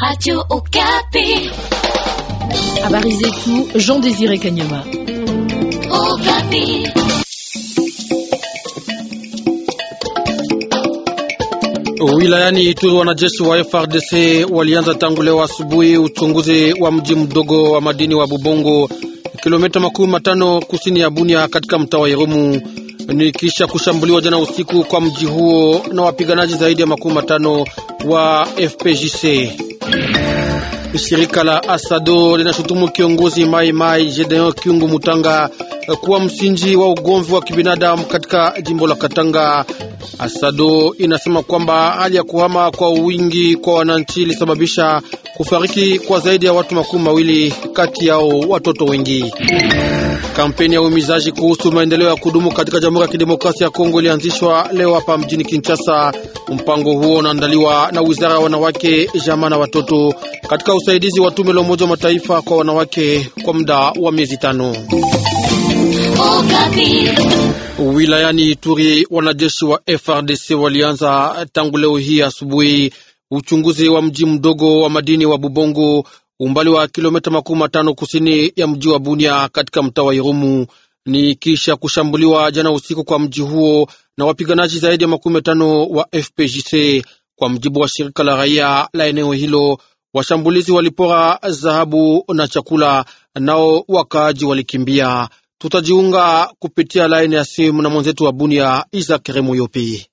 Radio Okapi. Habari zetu Jean Désiré Kanyama. Okapi. Wilayani Ituri wanajeshi wa FRDC walianza tangu leo asubuhi uchunguzi wa mji mdogo wa madini wa Bubongo, kilomita makumi matano kusini ya Bunia katika mtaa wa Irumu, ni kisha kushambuliwa jana usiku kwa mji huo na wapiganaji zaidi ya makumi matano wa FPJC. Shirika la Asado linashutumu kiongozi Mai Mai Gedeon kiungu Mutanga kuwa msingi wa ugomvi wa kibinadamu katika jimbo la Katanga. Asado inasema kwamba hali ya kuhama kwa wingi kwa wananchi ilisababisha kufariki kwa zaidi ya watu makumi mawili, kati yao watoto wengi. Kampeni ya uhimizaji kuhusu maendeleo ya kudumu katika Jamhuri ya Kidemokrasia ya Kongo ilianzishwa leo hapa mjini Kinshasa. Mpango huo unaandaliwa na Wizara ya Wanawake, Jamaa na Watoto katika usaidizi wa Tume la Umoja wa Mataifa kwa wanawake kwa muda wa miezi tano. Wilayani Ituri, wanajeshi wa FRDC walianza tangu leo hii asubuhi uchunguzi wa mji mdogo wa madini wa Bubongo umbali wa kilomita makumi matano kusini ya mji wa Bunia katika mtaa wa Irumu. Ni kisha kushambuliwa jana usiku kwa mji huo na wapiganaji zaidi ya makumi matano wa FPJC. Kwa mjibu wa shirika la raia la eneo hilo, washambulizi walipora dhahabu na chakula, nao wakaaji walikimbia. Tutajiunga kupitia laini ya simu na mwenzetu wa Bunia, Isak Remoyope.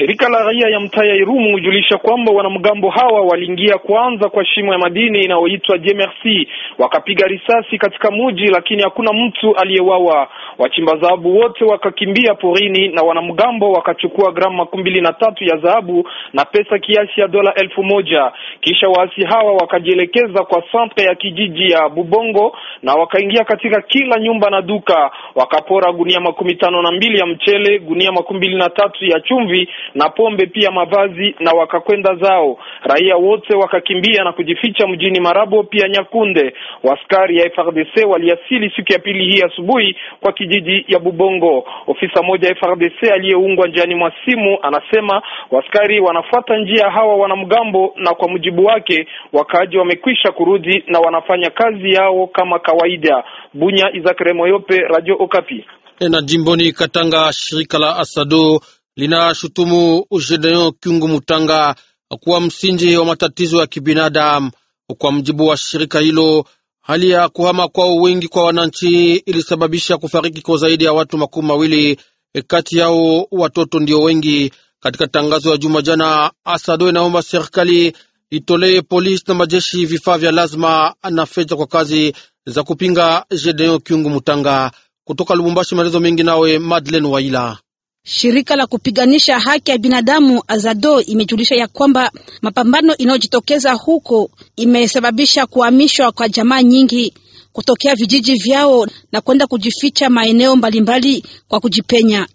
Shirika la raia ya mtaa ya Irumu hujulisha kwamba wanamgambo hawa waliingia kwanza kwa shimo ya madini inayoitwa JMRC, wakapiga risasi katika muji, lakini hakuna mtu aliyewawa. Wachimba dhahabu wote wakakimbia porini na wanamgambo wakachukua gramu makumi mbili na tatu ya dhahabu na pesa kiasi ya dola elfu moja. Kisha waasi hawa wakajielekeza kwa santre ya kijiji ya Bubongo na wakaingia katika kila nyumba na duka, wakapora gunia makumi tano na mbili ya mchele, gunia makumi mbili na tatu ya chumvi na pombe pia mavazi na wakakwenda zao. Raia wote wakakimbia na kujificha mjini Marabo pia Nyakunde. Waskari ya FRDC waliasili siku ya pili hii asubuhi kwa kijiji ya Bubongo. Ofisa mmoja ya FRDC aliyeungwa njiani mwa simu anasema waskari wanafuata njia hawa wanamgambo, na kwa mujibu wake wakaaji wamekwisha kurudi na wanafanya kazi yao kama kawaida. Bunya, Izakremo Moyope, Radio Okapi. E, na jimboni Katanga, shirika la Asado linashutumu Gedeon Kyungu Mutanga kuwa msingi wa matatizo ya kibinadamu. Kwa mjibu wa shirika hilo, hali ya kuhama kwao wingi kwa wananchi ilisababisha kufariki kwa zaidi ya watu makumi mawili, e, kati yao watoto ndio wengi. Katika tangazo ya juma jana, Asado inaomba serikali itolee polisi na majeshi vifaa vya lazima na fedha kwa kazi za kupinga Gedeon Kyungu Mutanga. Kutoka Lubumbashi, maelezo mengi nawe Madeleine Waila. Shirika la kupiganisha haki ya binadamu Azado imejulisha ya kwamba mapambano inayojitokeza huko imesababisha kuhamishwa kwa jamaa nyingi kutokea vijiji vyao na kwenda kujificha maeneo mbalimbali kwa kujipenya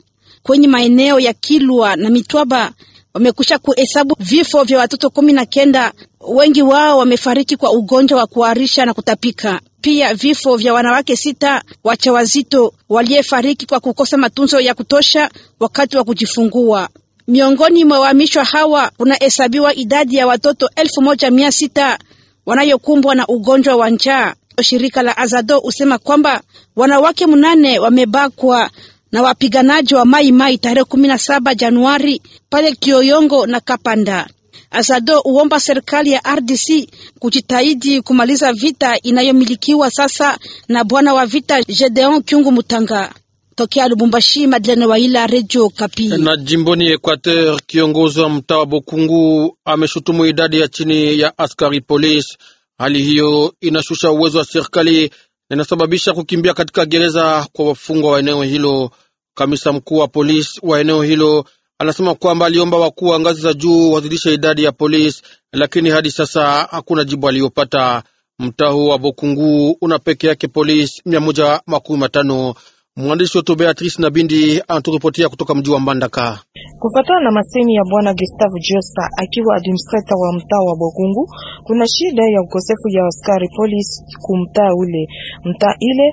kwenye maeneo ya Kilwa na Mitwaba wamekusha kuhesabu vifo vya watoto kumi na kenda. Wengi wao wamefariki kwa ugonjwa wa kuharisha na kutapika. Pia vifo vya wanawake sita wachawazito waliyefariki kwa kukosa matunzo ya kutosha wakati wa kujifungua. Miongoni mwa wahamishwa hawa kunahesabiwa idadi ya watoto elfu moja mia sita wanayokumbwa na ugonjwa wa njaa. Shirika la Azado husema kwamba wanawake mnane wamebakwa na wapiganaji wa Mai Mai tarehe kumi saba Januari pale Kioyongo na Kapanda. Azado uomba serikali ya RDC kujitahidi kumaliza vita inayomilikiwa sasa na bwana wa vita Gedeon Kyungu Mutanga. Tokea Lubumbashi, Madlene Waila, Radio Kapi. Na jimboni Equateur, kiongozi wa mtaa wa Bokungu ameshutumu idadi ya chini ya askari polisi. Hali hiyo inashusha uwezo wa serikali na inasababisha kukimbia katika gereza kwa wafungwa wa eneo hilo. Kamisa mkuu wa polisi wa eneo hilo anasema kwamba aliomba wakuu wa ngazi za juu wazidishe idadi ya polisi, lakini hadi sasa hakuna jibu aliyopata. Mtaa huu wa Bokungu una peke yake polisi mia moja makumi matano Mwandishi wetu Beatrice nabindi Bindi anaturipotia kutoka mji wa Mbandaka. Kufatana na masemi ya bwana Gustave Josa akiwa administrator wa mtaa wa Bogungu, kuna shida ya ukosefu ya askari polisi kumtaa ule. Mtaa ile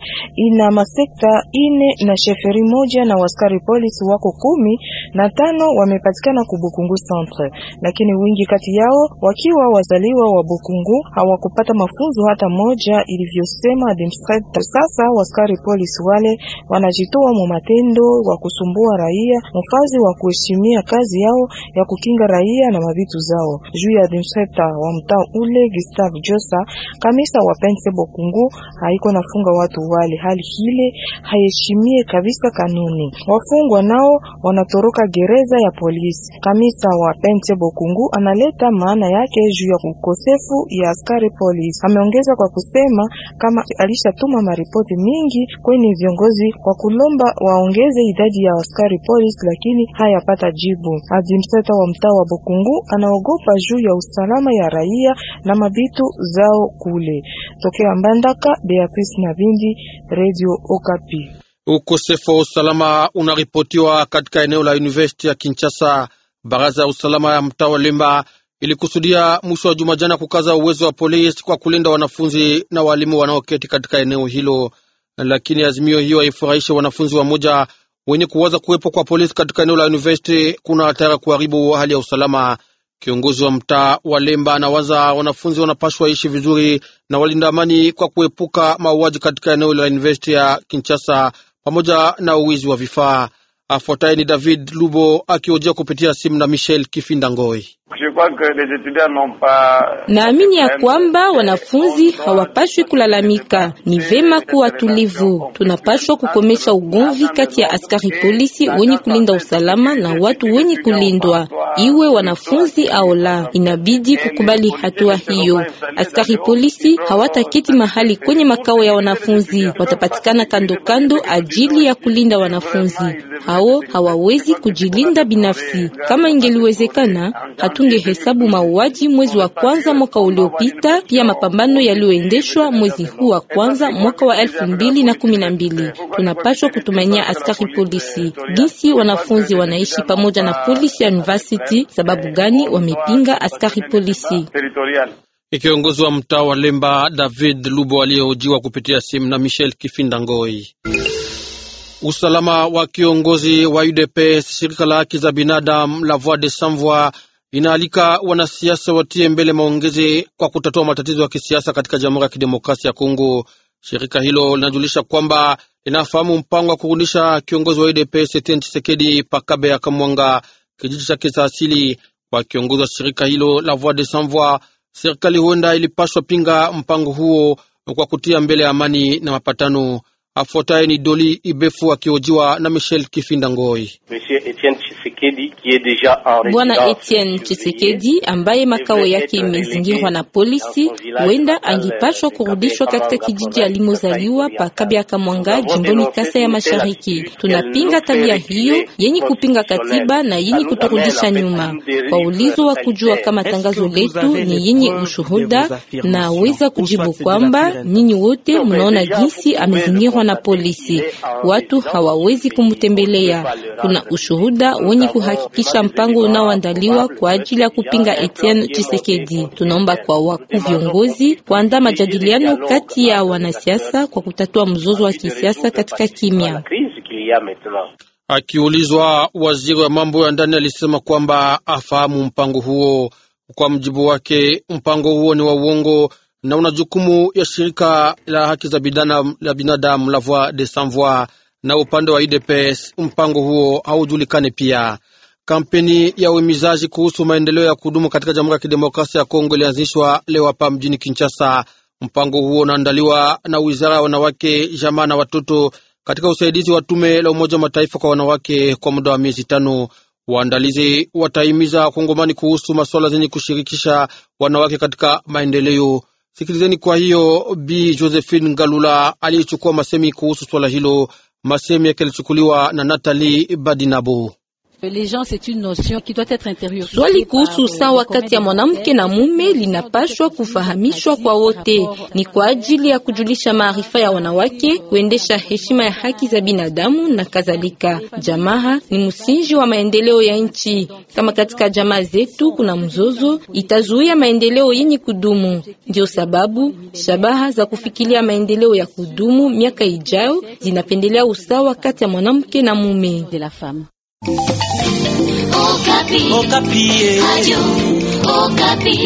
ina masekta ine na sheferi moja na askari polisi wako kumi na tano wamepatikana ku Bogungu centre, lakini wingi kati yao wakiwa wazaliwa wa Bogungu hawakupata mafunzo hata moja ilivyosema administrator. Sasa askari polisi wale wanajitoa mu matendo wa kusumbua raia mfazi wa kuheshimia kazi yao ya kukinga raia na mavitu zao. Juu ya dinseta wa mtaa ule Gustave Josa, kamisa wa Pense Bokungu haiko nafunga watu wale, hali hile haheshimie kabisa kanuni. Wafungwa nao wanatoroka gereza ya polisi. Kamisa wa Pense Bokungu analeta maana yake juu ya ukosefu ya askari polisi. Ameongeza kwa kusema kama alishatuma maripoti mingi kwenye viongozi kwa kulomba waongeze idadi ya askari polisi, lakini hayapata jibu. Azimseta wa mtaa wa Bukungu anaogopa juu ya usalama ya raia na mabitu zao kule. Tokea Mbandaka, Beatrice Nabindi, Radio Okapi. Ukosefu wa usalama unaripotiwa katika eneo la University ya Kinshasa. Baraza ya usalama ya mtaa wa Lemba ilikusudia mwisho wa juma jana kukaza uwezo wa polisi kwa kulinda wanafunzi na walimu wanaoketi katika eneo hilo lakini azimio hiyo haifurahishi wanafunzi wa moja wenye kuwaza kuwepo kwa polisi katika eneo la university kuna hatari kuharibu hali ya usalama. Kiongozi wa mtaa wa Lemba anawaza wanafunzi wanapashwa ishi vizuri na walinda amani kwa kuepuka mauaji katika eneo la university ya Kinshasa pamoja na uwizi wa vifaa. Afuataye ni David Lubo akiojia kupitia simu na Michel Kifindangoi. Naamini ya kwamba wanafunzi hawapashwi kulalamika, ni vema kuwa tulivu. Tunapashwa kukomesha ugomvi kati ya askari polisi wenye kulinda usalama na watu wenye kulindwa iwe wanafunzi au la, inabidi kukubali hatua hiyo. Askari polisi hawataketi mahali kwenye makao ya wanafunzi, watapatikana kando kando ajili ya kulinda wanafunzi hao. Hawawezi kujilinda binafsi. Kama ingeliwezekana, hatunge hesabu mauaji mwezi wa kwanza mwaka uliopita, pia mapambano yaliyoendeshwa mwezi huu wa kwanza mwaka wa elfu mbili na kumi na mbili. Tunapaswa kutumainia askari polisi, jinsi wanafunzi wanaishi pamoja na polisi ya university eti sababu gani wamepinga askari polisi. Kiongozi wa mtaa wa Lemba David Lubo aliyehojiwa kupitia simu na Michel Kifinda Ngoi. Usalama wa kiongozi wa UDPS shirika la haki za binadamu la Voix des Sans Voix inaalika wanasiasa watie mbele maongezi kwa kutatua matatizo ya kisiasa katika Jamhuri ya Kidemokrasia ya Kongo. Shirika hilo linajulisha kwamba linafahamu mpango wa kurudisha kiongozi wa UDPS Etienne Tshisekedi Pakabe Akamwanga kijiji chake cha asili. Kwa kiongozi wa shirika hilo la Voix des Sans Voix, serikali huenda ilipashwa pinga mpango huo kwa kutia mbele amani na mapatano. Afuataye ni Doli Ibefu akihojiwa na Michel Kifinda Ngoi. Bwana Etienne Tshisekedi ambaye makao yake imezingirwa na polisi, huenda angepashwa kurudishwa katika kijiji alimozaliwa pa Kabiaka Mwanga, jimboni Kasa ya Mashariki. Tunapinga tabia hiyo yenye kupinga katiba na yenye kuturudisha nyuma. Kwa ulizo wa kujua kama tangazo letu ni yenye ushuhuda, na weza kujibu kwamba nyinyi wote mnaona jinsi amezingirwa na polisi, watu hawawezi kumtembelea. Kuna ushuhuda mwenye kuhakikisha mpango unaoandaliwa kwa ajili ya kupinga Etienne Tshisekedi. Tunaomba kwa wakuu viongozi kuandaa majadiliano kati ya wanasiasa kwa kutatua mzozo wa kisiasa katika kimya. Akiulizwa, waziri wa mambo ya ndani alisema kwamba afahamu mpango huo. Kwa mjibu wake, mpango huo ni wa uongo na una jukumu ya shirika la haki za binadamu la Voix des Sans Voix na upande wa UDPS mpango huo haujulikane pia. Kampeni ya uhimizaji kuhusu maendeleo ya kudumu katika Jamhuri ya Kidemokrasia ya Kongo ilianzishwa leo hapa mjini Kinshasa. Mpango huo unaandaliwa na Wizara ya Wanawake, Jamaa na Watoto katika usaidizi wa Tume la Umoja wa Mataifa kwa Wanawake kwa muda wa miezi tano. Waandalizi watahimiza Kongomani kuhusu masuala zenye kushirikisha wanawake katika maendeleo. Sikilizeni kwa hiyo Bi Josephine galula aliyechukua masemi kuhusu swala hilo Masemi yake yalichukuliwa na Natali Badinabu. Swali kuhusu sawa kati ya mwanamke na mume linapashwa kufahamishwa kwa wote, ni kwa ajili ya kujulisha maarifa ya wanawake, kuendesha euh, heshima ya haki za binadamu na kadhalika. Jamaa ni msingi wa maendeleo ya nchi. Kama katika jamaa zetu kuna mzozo, itazuia maendeleo yenye kudumu. Ndio sababu shabaha za kufikilia maendeleo ya kudumu miaka ijayo zinapendelea usawa kati ya mwanamke na mume. Okapi. Okapi.